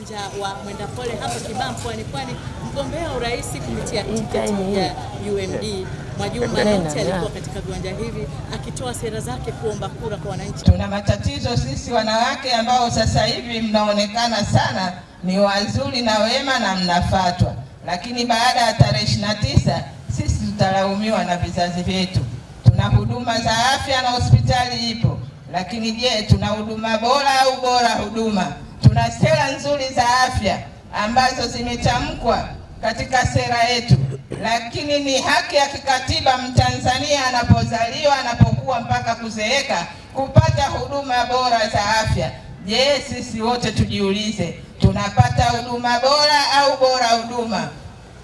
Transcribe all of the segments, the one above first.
uwanja wa Mwenda Pole hapo Kibambo, kwani mgombea urais kupitia tiketi ya UMD Mwajuma Nite alikuwa katika viwanja hivi akitoa sera zake kuomba kura kwa wananchi. Tuna matatizo sisi wanawake ambao sasa hivi mnaonekana sana ni wazuri na wema na mnafatwa, lakini baada ya tarehe ishirini na tisa sisi tutalaumiwa na vizazi vyetu. Tuna huduma za afya na hospitali ipo, lakini je, tuna huduma bora au bora huduma Tuna sera nzuri za afya ambazo zimetamkwa katika sera yetu, lakini ni haki ya kikatiba Mtanzania anapozaliwa, anapokuwa mpaka kuzeeka kupata huduma bora za afya. Je, sisi wote tujiulize, tunapata huduma bora au bora huduma?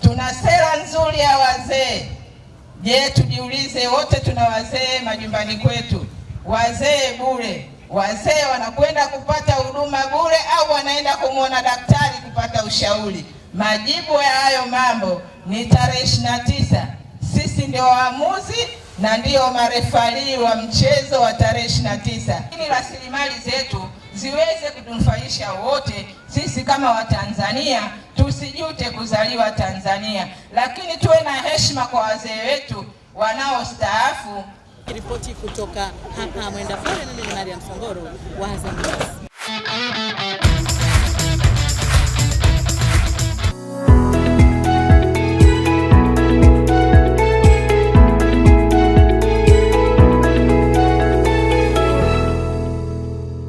Tuna sera nzuri ya wazee. Je, tujiulize, wote tuna wazee majumbani kwetu, wazee bure, wazee wanakwenda kupata huduma kumwona daktari kupata ushauri. Majibu ya hayo mambo ni tarehe ishirini na tisa. Sisi ndio waamuzi na ndio marefarii wa mchezo wa tarehe ishirini na tisa, ili rasilimali zetu ziweze kutunufaisha wote. Sisi kama Watanzania tusijute kuzaliwa Tanzania, lakini tuwe na heshima kwa wazee wetu wanaostaafu. Ripoti kutoka hapa Mwenda Fare, mimi ni Mariam Sangoro wa Azam.